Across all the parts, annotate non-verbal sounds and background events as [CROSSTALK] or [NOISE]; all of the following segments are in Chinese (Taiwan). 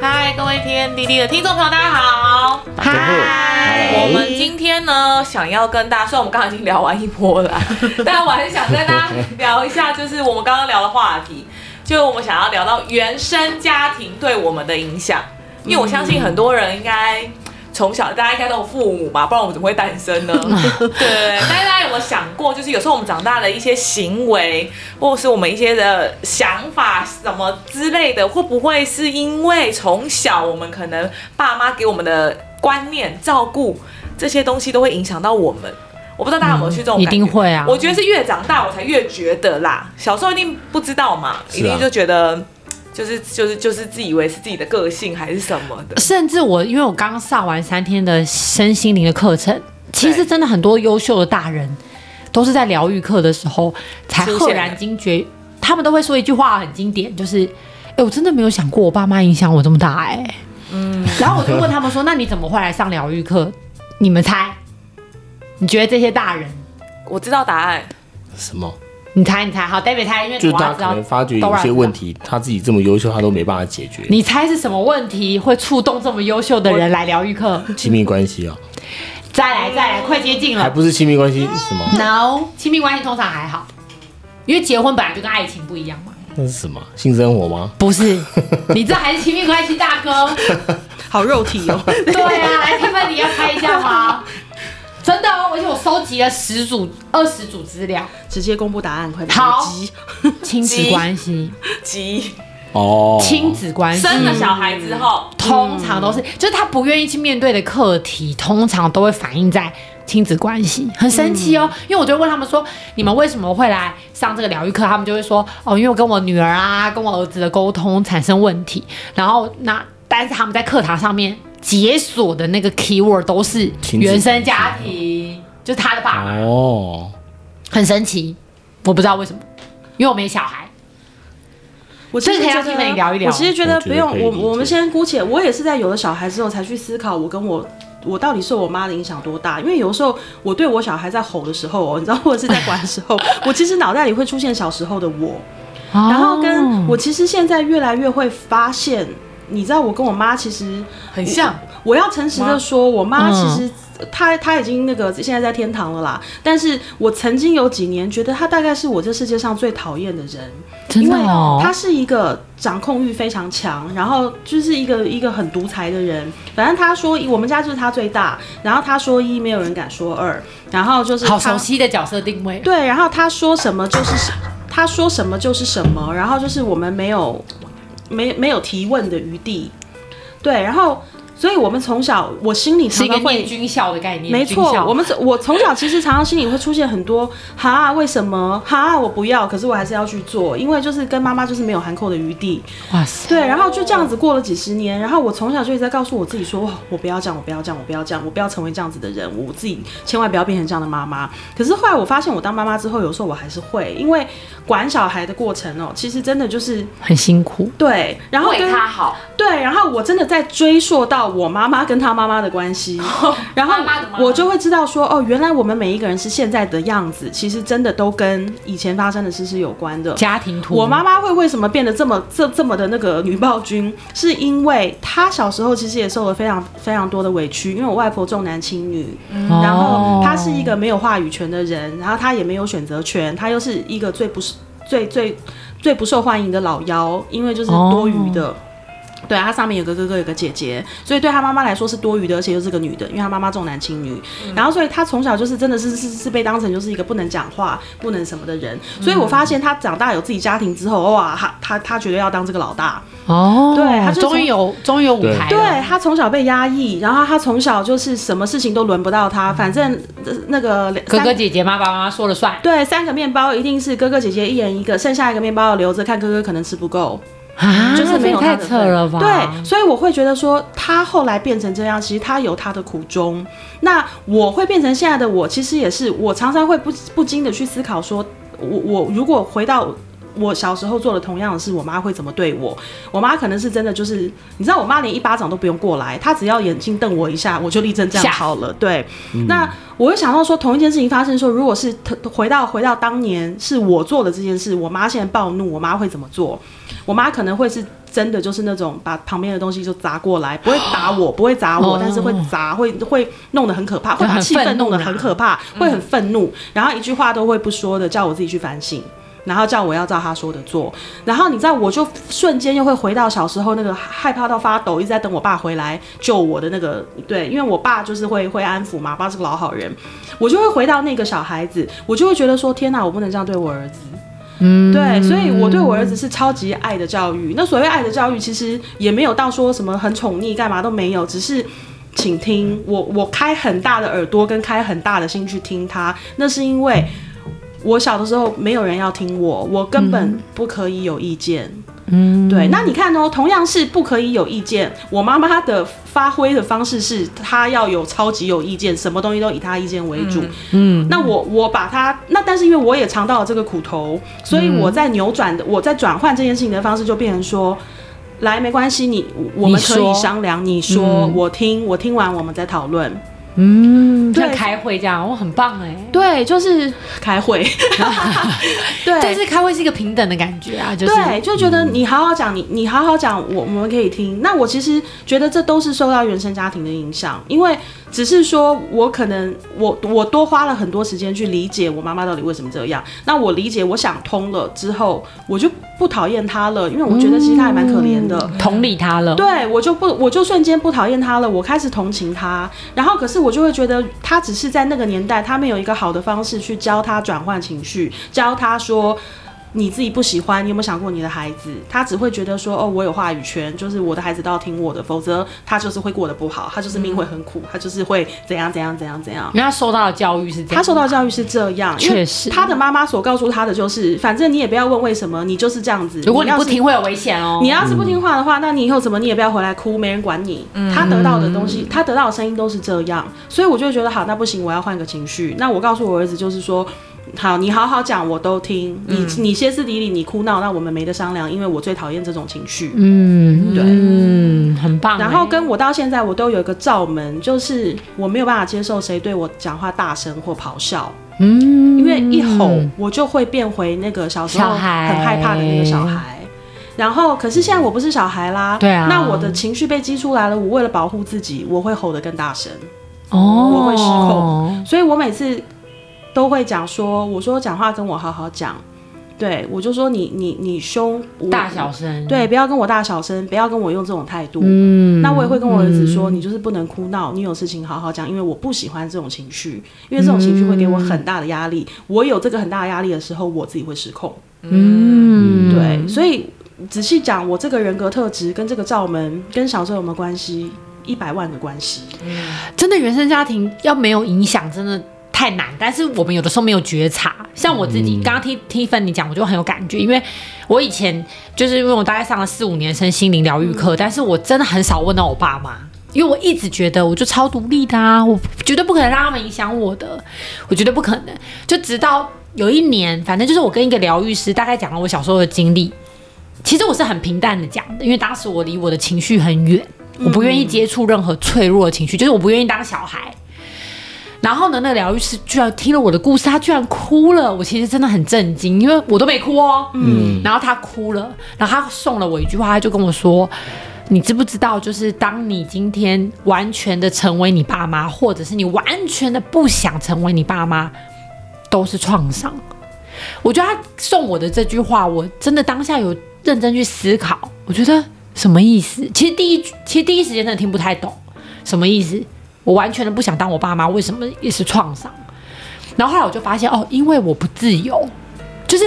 嗨，Hi, 各位 T.M.D.D 的聽眾朋友，大家好！嗨 Hi，我們今天呢，想要跟大家，雖然我們剛剛已經聊完一波了， [LAUGHS] 但我很想跟大家聊一下，就是我們剛剛聊的話題，就是我們想要聊到原生家庭對我們的影響，因為我相信很多人應該。從小大家應該都有父母嘛，不然我們怎麼會誕生呢？ [LAUGHS] 對，大家有沒有想過，就是有時候我們長大的一些行為，或是我們一些的想法什麼之類的，會不會是因為從小我們可能爸媽給我們的觀念、照顧這些東西都會影響到我們？我不知道大家有沒有去這種、嗯，一定會啊！我覺得是越長大我才越覺得啦，小時候一定不知道嘛，一定就覺得。就是就是就是自以為是自己的個性還是什麼的，甚至我因為我剛上完三天的身心靈的課程，對其實真的很多優秀的大人都是在療癒課的時候才赫然驚覺，他們都會說一句話很經典，就是哎、欸，我真的沒有想過我爸媽影響我這麼大哎、欸，嗯，然後我就問他們說，那你怎麼會來上療癒課？你們猜？你覺得這些大人，我知道答案，什麼？你猜，你猜，好，David 猜，因為就他可能發覺有些問題，啊、他自己這麼優秀，他都沒辦法解決。你猜是什麼問題會觸動這麼優秀的人來療癒課？親密關係啊、哦！再來，再來，快接近了，還不是親密關係？什麼？No，親密關係通常還好，因為結婚本來就跟愛情不一樣嘛。那是什麼？性生活嗎？不是，你這還是親密關係大哥， [LAUGHS] 好肉體哦。 [LAUGHS] 對啊，來，David，你要猜一下嗎？真的哦，而且我收集了十組、二十組資料，直接公布答案快點。好，親子關係。急哦，親子關係，嗯、生了小孩之後，嗯、通常都是就是他不願意去面對的課題，通常都會反映在親子關係，很神奇哦。嗯、因為我就問他們說：“你們為什麼會來上這個療癒課？”他們就會說：“哦，因為我跟我女兒啊，跟我兒子的溝通產生問題。”然後那。但是他們在課堂上面解鎖的那個 keyword 都是原生家庭，哦、就是他的爸爸哦，很神奇，我不知道為什麼，因為我沒小孩。我其實這個可以要聽你聊一聊。我其實覺得不用，我我,我們先姑且。我也是在有了小孩之後才去思考，我跟我我到底受我媽的影響多大？因為有時候我對我小孩在吼的時候，你知道，或者是在管的時候， [LAUGHS] 我其實腦袋裡會出現小時候的我，哦、然後跟我其實現在越來越會發現。你知道我跟我媽其實很像，我，我要誠實的說，媽我媽其實，嗯，她她已經那個現在在天堂了啦。但是我曾經有幾年覺得她大概是我這世界上最討厭的人，真的哦，因為她是一個掌控欲非常強，然後就是一個一個很獨裁的人。反正她說我們家就是她最大，然後她說一沒有人敢說二，然後就是她好熟悉的角色定位。對，然後她說什麼就是她說什麼就是什麼，然後就是我們沒有。沒沒有提問的餘地，對，然後。所以，我們從小我心裡常常是一個會軍校的概念，沒錯錯校。我們我從小其實常常心裡會出現很多哈，為什麼哈？我不要，可是我還是要去做，因為就是跟媽媽就是沒有含扣的餘地。哇塞！對，然後就這樣子過了幾十年。然後我從小就一直在告訴我自己說：哇，我不要這樣，我不要這樣，我不要這樣，我不要成為這樣子的人，我自己千萬不要變成這樣的媽媽。可是後來我發現，我當媽媽之後，有時候我還是會，因為管小孩的過程哦、喔，其實真的就是很辛苦。對，然後跟為他好。對，然後我真的在追溯到。我媽媽跟她媽媽的關係，然後我就會知道說，哦，原來我們每一個人是現在的樣子，其實真的都跟以前發生的事是有關的。家庭圖，我媽媽會為什麼變得這麼這這麼的那個女暴君，是因為她小時候其實也受了非常非常多的委屈，因為我外婆重男輕女，嗯、然後她是一個沒有話語權的人，然後她也沒有選擇權，她又是一個最不是最最最不受歡迎的老幺，因為就是多餘的。哦對啊，他上面有個哥哥，有個姐姐，所以對他媽媽來說是多餘的，而且又是個女的，因為他媽媽重男輕女。嗯、然後所以他從小就是真的是是是被當成就是一個不能講話、不能什麼的人。所以我發現他長大有自己家庭之後，哇，他他他絕對要當這個老大哦。對，他終於有終於有舞台。對，他從小被壓抑，然後他從小就是什麼事情都輪不到他，嗯、反正那個哥哥姐姐、媽媽媽媽說了算。對，三個麵包一定是哥哥姐姐一人一個，剩下一個麵包留着看哥哥可能吃不夠。嗯、啊，就是沒有他的被，太扯了吧？對，所以我會覺得說，他後來變成這樣，其實他有他的苦衷。那我會變成現在的我，其實也是，我常常會不不禁的去思考說，我我如果回到。我小時候做了同樣的事，我媽會怎麼對我？我媽可能是真的，就是你知道，我媽連一巴掌都不用過來，她只要眼睛瞪我一下，我就立正這樣好了。嚇對，嗯、那我又想到說，同一件事情發生說，說如果是回到回到當年是我做的這件事，我媽現在暴怒，我媽會怎麼做？我媽可能會是真的，就是那種把旁邊的東西就砸過來，不會打我，不會砸我，但是會砸，會會弄得很可怕，會把氣氛弄得很可怕，會很憤怒，然後一句話都會不說的，叫我自己去反省。然後叫我要照他說的做，然後你知道我就瞬間又會回到小時候那個害怕到發抖，一直在等我爸回來救我的那個。對，因為我爸就是會會安撫嘛，爸是個老好人，我就會回到那個小孩子，我就會覺得說天哪，我不能這樣對我兒子，嗯，對，所以，我對我兒子是超級愛的教育。那所謂愛的教育，其實也沒有到說什麼很寵溺幹嘛都沒有，只是請聽我，我開很大的耳朵跟開很大的心去聽他，那是因為。我小的時候沒有人要聽我，我根本不可以有意見。嗯，嗯對。那你看哦，同樣是不可以有意見，我媽媽她的發揮的方式是她要有超級有意見，什麼東西都以她意見為主。嗯，嗯那我我把她那，但是因為我也嘗到了這個苦頭，所以我在扭轉的，我在轉換這件事情的方式，就變成說，來，沒關係，你我們可以商量，你說，你說，嗯，我聽，我聽完我們再討論。嗯，就開會這樣，我對很棒哎、欸。對，就是開會。 [LAUGHS] 對，就是開會是一個平等的感覺啊。就是、對，就覺得你好好講，嗯、你你好好講，我我們可以聽。那我其實覺得這都是受到原生家庭的影響，因為。只是說，我可能我我多花了很多時間去理解我媽媽到底為什麼這樣。那我理解，我想通了之後，我就不討厭她了，因為我覺得其實她也蠻可憐的、嗯，同理她了。對，我就不，我就瞬間不討厭她了，我開始同情她。然後可是我就會覺得，她只是在那個年代，她沒有一個好的方式去教她轉換情緒，教她說。你自己不喜歡，你有沒有想過你的孩子？他只會覺得說，哦，我有話語權，就是我的孩子都要聽我的，否則他就是會過得不好，他就是命會很苦，他就是會怎樣怎樣怎樣怎樣。嗯，那他受到的教育是怎樣？他受到教育是這樣，確實，因為他的媽媽所告訴他的就是，反正你也不要問為什麼，你就是這樣子。要是如果你不聽，會有危險哦。你要是不聽話的話，那你以後怎麼，你也不要回來哭，沒人管你。嗯，他得到的東西，他得到的聲音都是這樣，所以我就覺得好，那不行，我要換個情緒。那我告訴我兒子就是說。好，你好好講，我都聽。你你歇斯底里，你哭鬧，那我們沒得商量，因為我最討厭這種情緒。嗯，對，嗯，很棒。然後跟我到現在，我都有一個罩門，就是我沒有辦法接受誰對我講話大聲或咆哮。嗯，因為一吼，我就會變回那個小時候很害怕的那個小孩。小孩。然後，可是現在我不是小孩啦。對啊。那我的情緒被激出來了，我為了保護自己，我會吼得更大聲。哦。我會失控，所以我每次。都會講說，我說講話跟我好好講，對我就說你你你兇大小聲，對，不要跟我大小聲，不要跟我用這種態度。嗯，那我也會跟我兒子說，嗯、你就是不能哭鬧，你有事情好好講，因為我不喜歡這種情緒，因為這種情緒會給我很大的壓力。嗯、我有這個很大的壓力的時候，我自己會失控。嗯，嗯，對，所以仔細講，我這個人格特質跟這個罩門跟小時候有沒有關係？一百萬的關係，嗯、真的原生家庭要沒有影響，真的。太難，但是我們有的時候沒有覺察。像我自己剛剛聽、嗯、聽芬你講，我就很有感覺，因為我以前就是因為我大概上了四五年生心靈療癒課，嗯、但是我真的很少問到我爸媽，因為我一直覺得我就超獨立的啊，我絕對不可能讓他們影響我的，我覺得不可能。就直到有一年，反正就是我跟一個療癒師大概講了我小時候的經歷，其實我是很平淡的講的，因為當時我離我的情緒很遠，我不願意接觸任何脆弱的情緒，嗯、就是我不願意當小孩。然後呢，那個療癒師居然聽了我的故事，他居然哭了。我其實真的很震驚，因為我都沒哭哦。嗯。然後他哭了，然後他送了我一句話，他就跟我說：“你知不知道，就是當你今天完全的成為你爸媽，或者是你完全的不想成為你爸媽，都是創傷。”我覺得他送我的這句話，我真的當下有認真去思考。我覺得什麼意思？其實第一，其實第一時間真的聽不太懂什麼意思。我完全的不想當我爸媽，為什麼也是創傷？然後後來我就發現，哦，因為我不自由，就是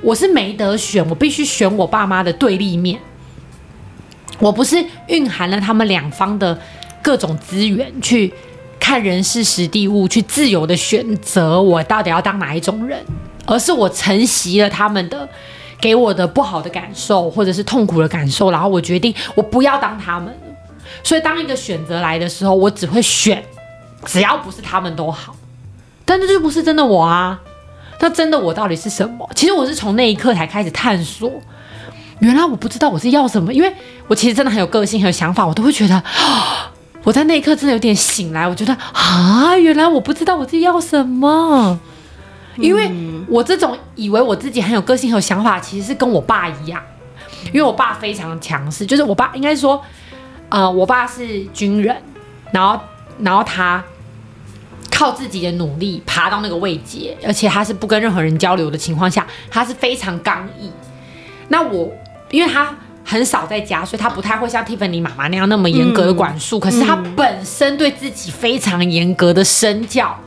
我是沒得選，我必須選我爸媽的對立面。我不是蘊含了他們兩方的各種資源，去看人事時地物，去自由的選擇我到底要當哪一種人，而是我承襲了他們的給我的不好的感受，或者是痛苦的感受，然後我決定我不要當他們。所以，當一個選擇來的時候，我只會選，只要不是他們都好，但這就不是真的我啊。那真的我到底是什麼？其實我是從那一刻才開始探索。原來我不知道我是要什麼，因為我其實真的很有個性和想法，我都會覺得啊，我在那一刻真的有點醒來，我覺得啊，原來我不知道我自己要什麼。因為我這種以為我自己很有個性和想法，其實是跟我爸一樣，因為我爸非常強勢，就是我爸應該說。呃，我爸是軍人，然後，然後他靠自己的努力爬到那個位階，而且他是不跟任何人交流的情況下，他是非常剛毅。那我，因為他很少在家，所以他不太會像蒂芬 f 媽媽那樣那麼嚴格的管束。嗯、可是他本身對自己非常嚴格的身教，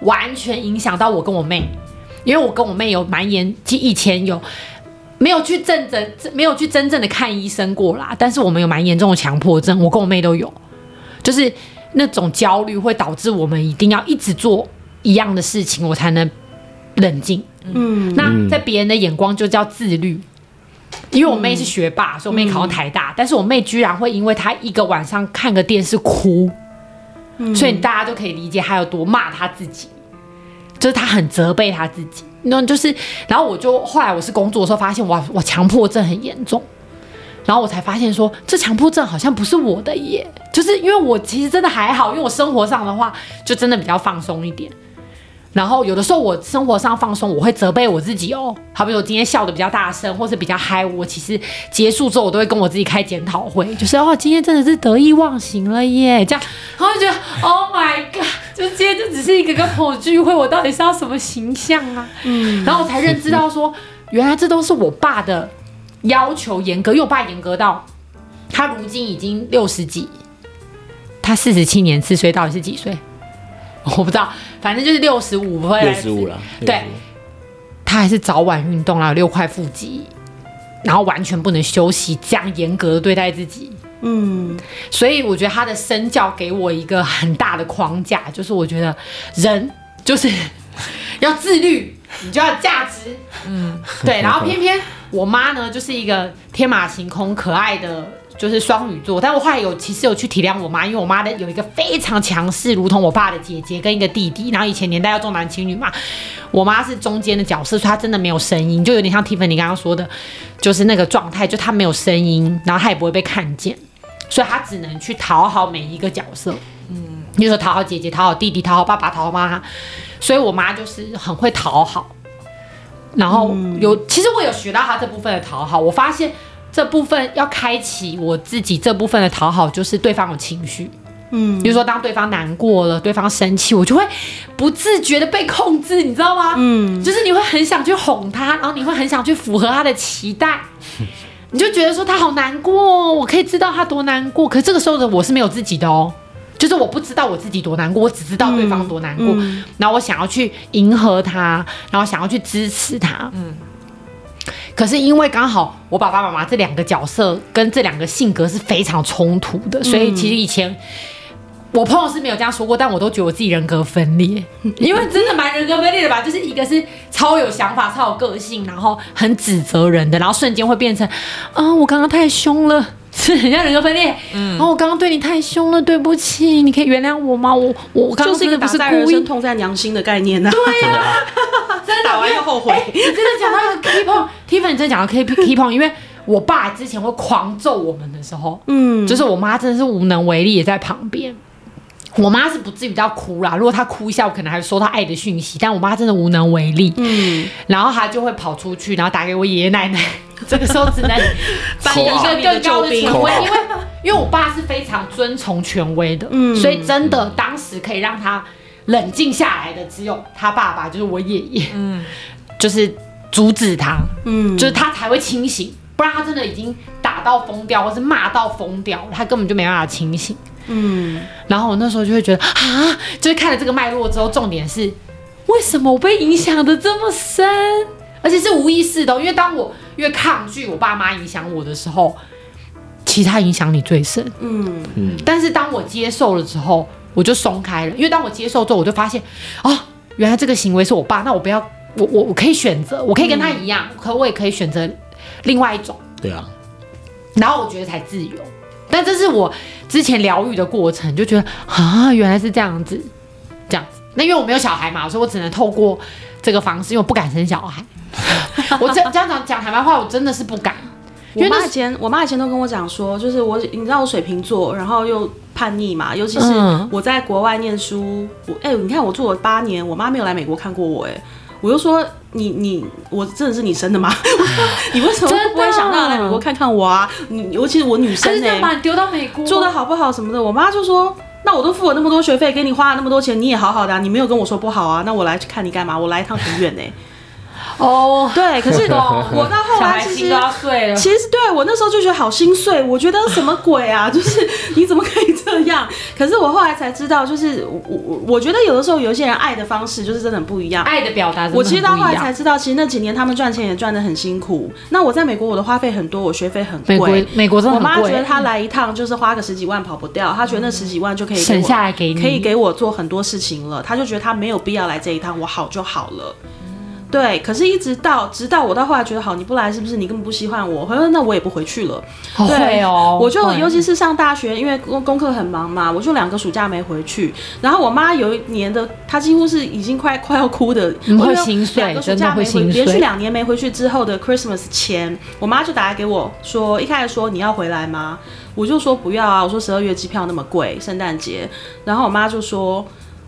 嗯、完全影響到我跟我妹。因為我跟我妹有蠻嚴，就以前有。沒有去真正真，沒有去真正的看醫生過啦。但是我們有蠻嚴重的強迫症，我跟我妹都有，就是那種焦慮會導致我們一定要一直做一樣的事情，我才能冷靜。嗯，那在別人的眼光就叫自律。因為我妹是學霸，嗯，所以我妹考上台大，但是我妹居然會因為她一個晚上看個電視哭，所以大家都可以理解她有多罵她自己。就是他很責備他自己，那就是，然後我就後來我是工作的時候發現，哇，我強迫症很嚴重，然後我才發現說，這強迫症好像不是我的耶，就是因為我其實真的還好，因為我生活上的話就真的比較放鬆一點，然後有的時候我生活上放鬆，我會責備我自己哦，好，比如說今天笑得比較大聲，或是比較嗨，我其實結束之後我都會跟我自己開檢討會，就是哦，今天真的是得意忘形了耶，這樣。然後就覺得，Oh my God！就今天就只是一個朋友聚會，我到底是要什麼形象啊？嗯，然後我才認知到說，是是。原來這都是我爸的要求嚴格，因為我爸嚴格到，他如今已經六十幾，他四十七年四歲到底是幾歲？我不知道，反正就是65不會六十五分。對，六十五了。對，他還是早晚運動啊，六塊腹肌，然後完全不能休息，這樣嚴格的對待自己。嗯，所以我覺得他的身教給我一個很大的框架，就是我覺得人就是要自律，你就要價值。嗯， [LAUGHS] 對。然後偏偏我媽呢，就是一個天馬行空、可愛的就是雙魚座。但我後來有其實有去體諒我媽，因為我媽的有一個非常強勢，如同我爸的姐姐跟一個弟弟。然後以前年代要重男輕女嘛，我媽是中間的角色，所以她真的沒有聲音，就有點像 Tiffany 剛剛說的，就是那個狀態，就她沒有聲音，然後她也不會被看見。所以他只能去討好每一個角色，嗯，你說討好姐姐、討好弟弟、討好爸爸、討好媽。所以我媽就是很會討好，然後有、嗯、其實我有學到她這部分的討好。我發現這部分要開啟我自己這部分的討好，就是對方有情緒，嗯，比如說當對方難過了、對方生氣，我就會不自覺的被控制，你知道嗎？嗯，就是你會很想去哄他，然後你會很想去符合他的期待。嗯你就覺得說他好難過，我可以知道他多難過，可這個時候的我是沒有自己的哦，喔，就是我不知道我自己多難過，我只知道對方多難過，嗯嗯，然後我想要去迎合他，然後想要去支持他，嗯，可是因為剛好我爸爸媽媽這兩個角色跟這兩個性格是非常衝突的，所以其實以前。嗯我朋友是沒有這樣說過，但我都覺得我自己人格分裂，因為真的蠻人格分裂的吧？就是一個是超有想法、超有個性，然後很指責人的，然後瞬間會變成啊、嗯，我剛剛太凶了，是人家人格分裂。嗯，然後、哦、我剛剛對你太凶了，對不起，你可以原諒我嗎？我我剛剛一個不是孤暈痛在，在娘心的概念呢、啊？對呀、啊，真的 [LAUGHS] 打完又後悔。你真的講到 keep on，Tiffany 真的講到 keep keep on， [LAUGHS] 因為我爸之前會狂揍我們的時候，嗯，就是我媽真的是無能為力，也在旁邊。我媽是不至於到哭啦，如果她哭一下，我可能還收到愛的訊息。但我媽真的無能為力。嗯，然後她就會跑出去，然後打給我爺爺奶奶。 [LAUGHS] 這個時候只能搬一個更高的權威，口因為因為我爸是非常遵從權威的，嗯、所以真的當時可以讓他冷靜下來的只有他爸爸，就是我爺爺。嗯，就是阻止他，嗯，就是他才會清醒，不然他真的已經打到瘋掉，或是罵到瘋掉，他根本就沒辦法清醒。嗯，然後我那時候就會覺得啊，就是看了這個脈絡之後，重點是為什麼我被影響得這麼深，而且是無意識的。因為當我越抗拒我爸媽影響我的時候，其實他影響你最深。嗯嗯。嗯但是當我接受了之後，我就鬆開了。因為當我接受之後，我就發現啊、哦，原來這個行為是我爸，那我不要，我我我可以選擇，我可以跟他一樣，可、嗯、我也可以選擇另外一種。對啊、嗯。然後我覺得才自由。但這是我之前療癒的過程，就覺得啊，原來是這樣子，這樣子。那因為我沒有小孩嘛，所以我只能透過這個方式。因為我不敢生小孩， [LAUGHS] 我這，這樣講講台灣話，我真的是不敢。我媽以前，就是、我媽以前都跟我講說，就是我，你知道我水瓶座，然後又叛逆嘛，尤其是我在國外念書，我哎、欸，你看我住了八年，我媽沒有來美國看過我、欸，哎，我就說。你你我真的是你生的嗎？ [LAUGHS] 你為什麼不會想到來美國看看我啊？你尤其是我女生呢、欸，把你丟到美國，做的好不好什麼的？我媽就說，那我都付了那麼多學費給你花了那麼多錢，你也好好的，啊。你沒有跟我說不好啊？那我來去看你幹嘛？我來一趟很遠呢、欸。哦，oh, 對，可是我到後來其實都要碎了，其實對我那時候就覺得好心碎，我覺得什麼鬼啊， [LAUGHS] 就是你怎麼可以這樣？可是我後來才知道，就是我我覺得有的時候有一些人愛的方式就是真的很不一樣，愛的表達，我其實到後來才知道，其實那幾年他們賺錢也賺得很辛苦。那我在美國，我的花費很多，我學費很貴。美國美國真的很貴。我媽覺得他來一趟就是花個十幾萬跑不掉，他、嗯、覺得那十幾萬就可以省下來給你，可以給我做很多事情了。他就覺得他沒有必要來這一趟，我好就好了。對，可是一直到直到我到後來覺得好，你不來是不是你根本不稀罕我？我說那我也不回去了。對哦，對哦我就會尤其是上大學，因為工功課很忙嘛，我就兩個暑假沒回去。然後我媽有一年的，她幾乎是已經快快要哭的，會心碎，兩個暑假沒回真的會心碎。連續兩年沒回去之後的 Christmas 前，我媽就打來給我說，說一開始說你要回來嗎？我就說不要啊，我說十二月機票那麼貴，聖誕節。然後我媽就說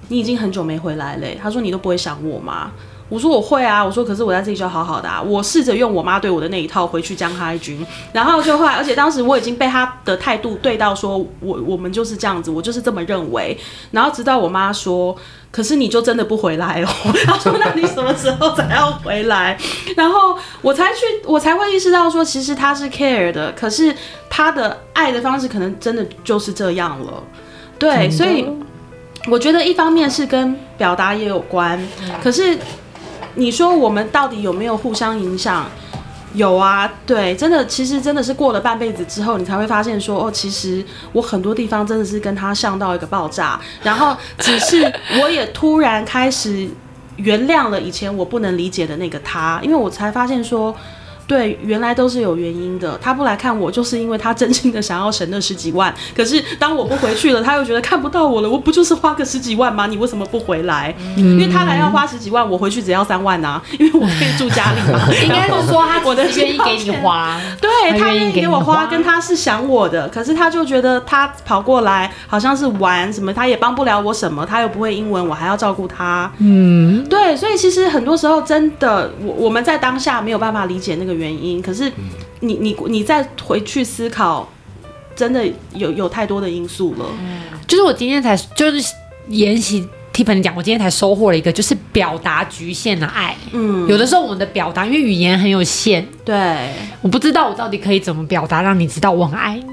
你已經很久沒回來了、欸，她說你都不會想我嗎？我說我會啊，我說可是我在這裡就好好的啊，我試着用我媽對我的那一套回去將他一軍，然後就會，而且當時我已經被他的態度對到說，我我們就是這樣子，我就是這麼認為，然後直到我媽說，可是你就真的不回來哦，她說那你什麼時候才要回來？然後我才去，我才會意識到說，其實他是 care 的，可是他的愛的方式可能真的就是這樣了，對，多所以我覺得一方面是跟表達也有關，可是。你說我們到底有沒有互相影響？有啊，對，真的，其實真的是過了半輩子之後，你才會發現說，哦，其實我很多地方真的是跟他像到一個爆炸，然後只是我也突然開始原諒了以前我不能理解的那個他，因為我才發現說。對，原來都是有原因的。他不來看我，就是因為他真心的想要省那十幾萬。可是當我不回去了，他又覺得看不到我了。我不就是花個十幾萬嗎？你為什麼不回來？嗯、因為他還要花十幾萬，我回去只要三萬啊，因為我可以住家裡嘛。嗯、後應該說，他，我的願意給你花。對，他願意給我花，跟他是想我的，可是他就覺得他跑過來好像是玩什麼，他也幫不了我什麼，他又不會英文，我還要照顧他。嗯，對，所以其實很多時候真的，我我們在當下沒有辦法理解那個原因，可是你你你再回去思考，真的有有太多的因素了。嗯，就是我今天才就是研習。替朋友講，我今天才收穫了一個，就是表達侷限的愛。嗯，有的時候我們的表達，因為語言很有限。對，我不知道我到底可以怎麼表達，讓你知道我很愛你。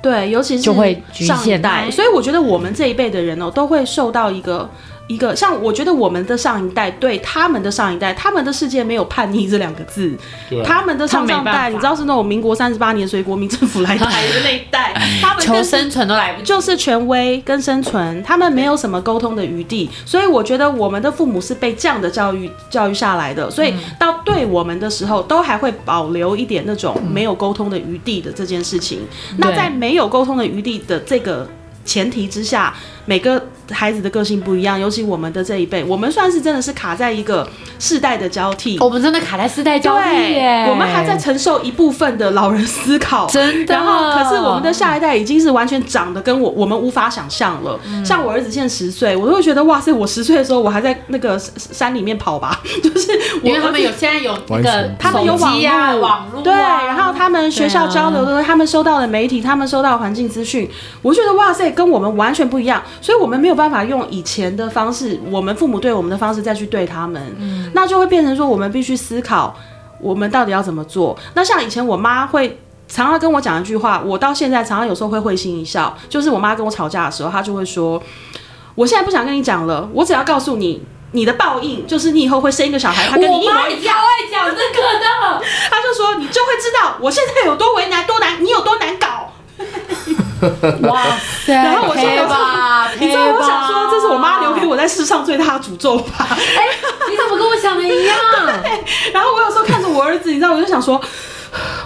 對，尤其是就會侷限對，所以我覺得我們這一輩的人哦，都會受到一個。一個像，我覺得我們的上一代對他們的上一代，他們的世界沒有叛逆這兩個字。Yeah, 他們的上上代，你知道是那種民國三十八年隨國民政府來台的那一代，他們求生存都來不及，就是權威跟生存，他們沒有什麼溝通的餘地。所以我覺得我們的父母是被這樣的教育教育下來的，所以到對我們的時候，都還會保留一點那種沒有溝通的餘地的這件事情。那在沒有溝通的餘地的這個前提之下。每個孩子的個性不一樣，尤其我們的這一輩，我們算是真的是卡在一個世代的交替，哦、我們真的卡在世代交替耶，對，我們還在承受一部分的老人思考，真的。然後，可是我們的下一代已經是完全長得跟我我們無法想象了。嗯、像我兒子現在十歲，我都會覺得哇塞，我十歲的時候我還在那個山裡面跑吧， [LAUGHS] 就是我 因為他們有現在有一、那個，他們有網絡、嗯、網絡、啊，對，然後他們學校交流的時候、啊，他們收到的媒體，他們收到環境資訊，啊、我覺得哇塞，跟我們完全不一樣。所以，我們沒有辦法用以前的方式，我們父母對我們的方式再去對他們，嗯、那就會變成說，我們必須思考我們到底要怎麼做。那像以前我媽會常常跟我講一句話，我到現在常常有時候會會心一笑，就是我媽跟我吵架的時候，她就會說：“我現在不想跟你講了，我只要告訴你，你的報應就是你以後會生一個小孩。”他跟你媽一樣愛講這個的，他 [LAUGHS] 就說：“你就會知道我現在有多為難，多難，你有多難搞。 [LAUGHS] ”哇，然後我說。在世上最大的詛咒吧！哎、欸，你怎麼跟我想的一樣？ [LAUGHS] 然後我有時候看着我兒子，你知道，我就想說，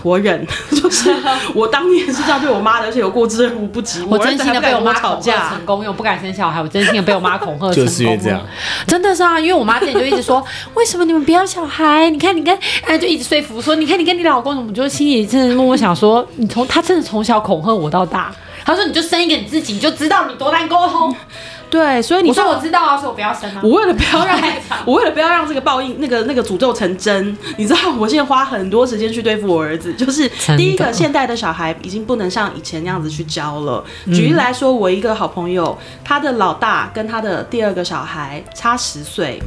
我忍，就是我當年是這樣對我媽的，而且有過之而無不及。我，我，不我真心的被我媽吵架成功，因為我不敢生小孩，我真心的被我媽恐嚇成功。 [LAUGHS] 就是這樣，真的是啊，因為我媽之前就一直說，為什麼你們不要小孩？你看你跟哎、啊，就一直說服說，你看你跟你老公，我就心裡真的默默想說，你從他真的從小恐嚇我到大，他說你就生一個你自己，你就知道你多難溝通。 [LAUGHS] 對，所以你說我知道啊，說我不要生。我為了不要讓，我為了不要讓這個報應、那個那個詛咒成真，你知道，我現在花很多時間去對付我兒子。就是第一個現代的小孩已經不能像以前那樣子去教了。舉例來說，我一個好朋友，他的老大跟他的第二個小孩差十歲。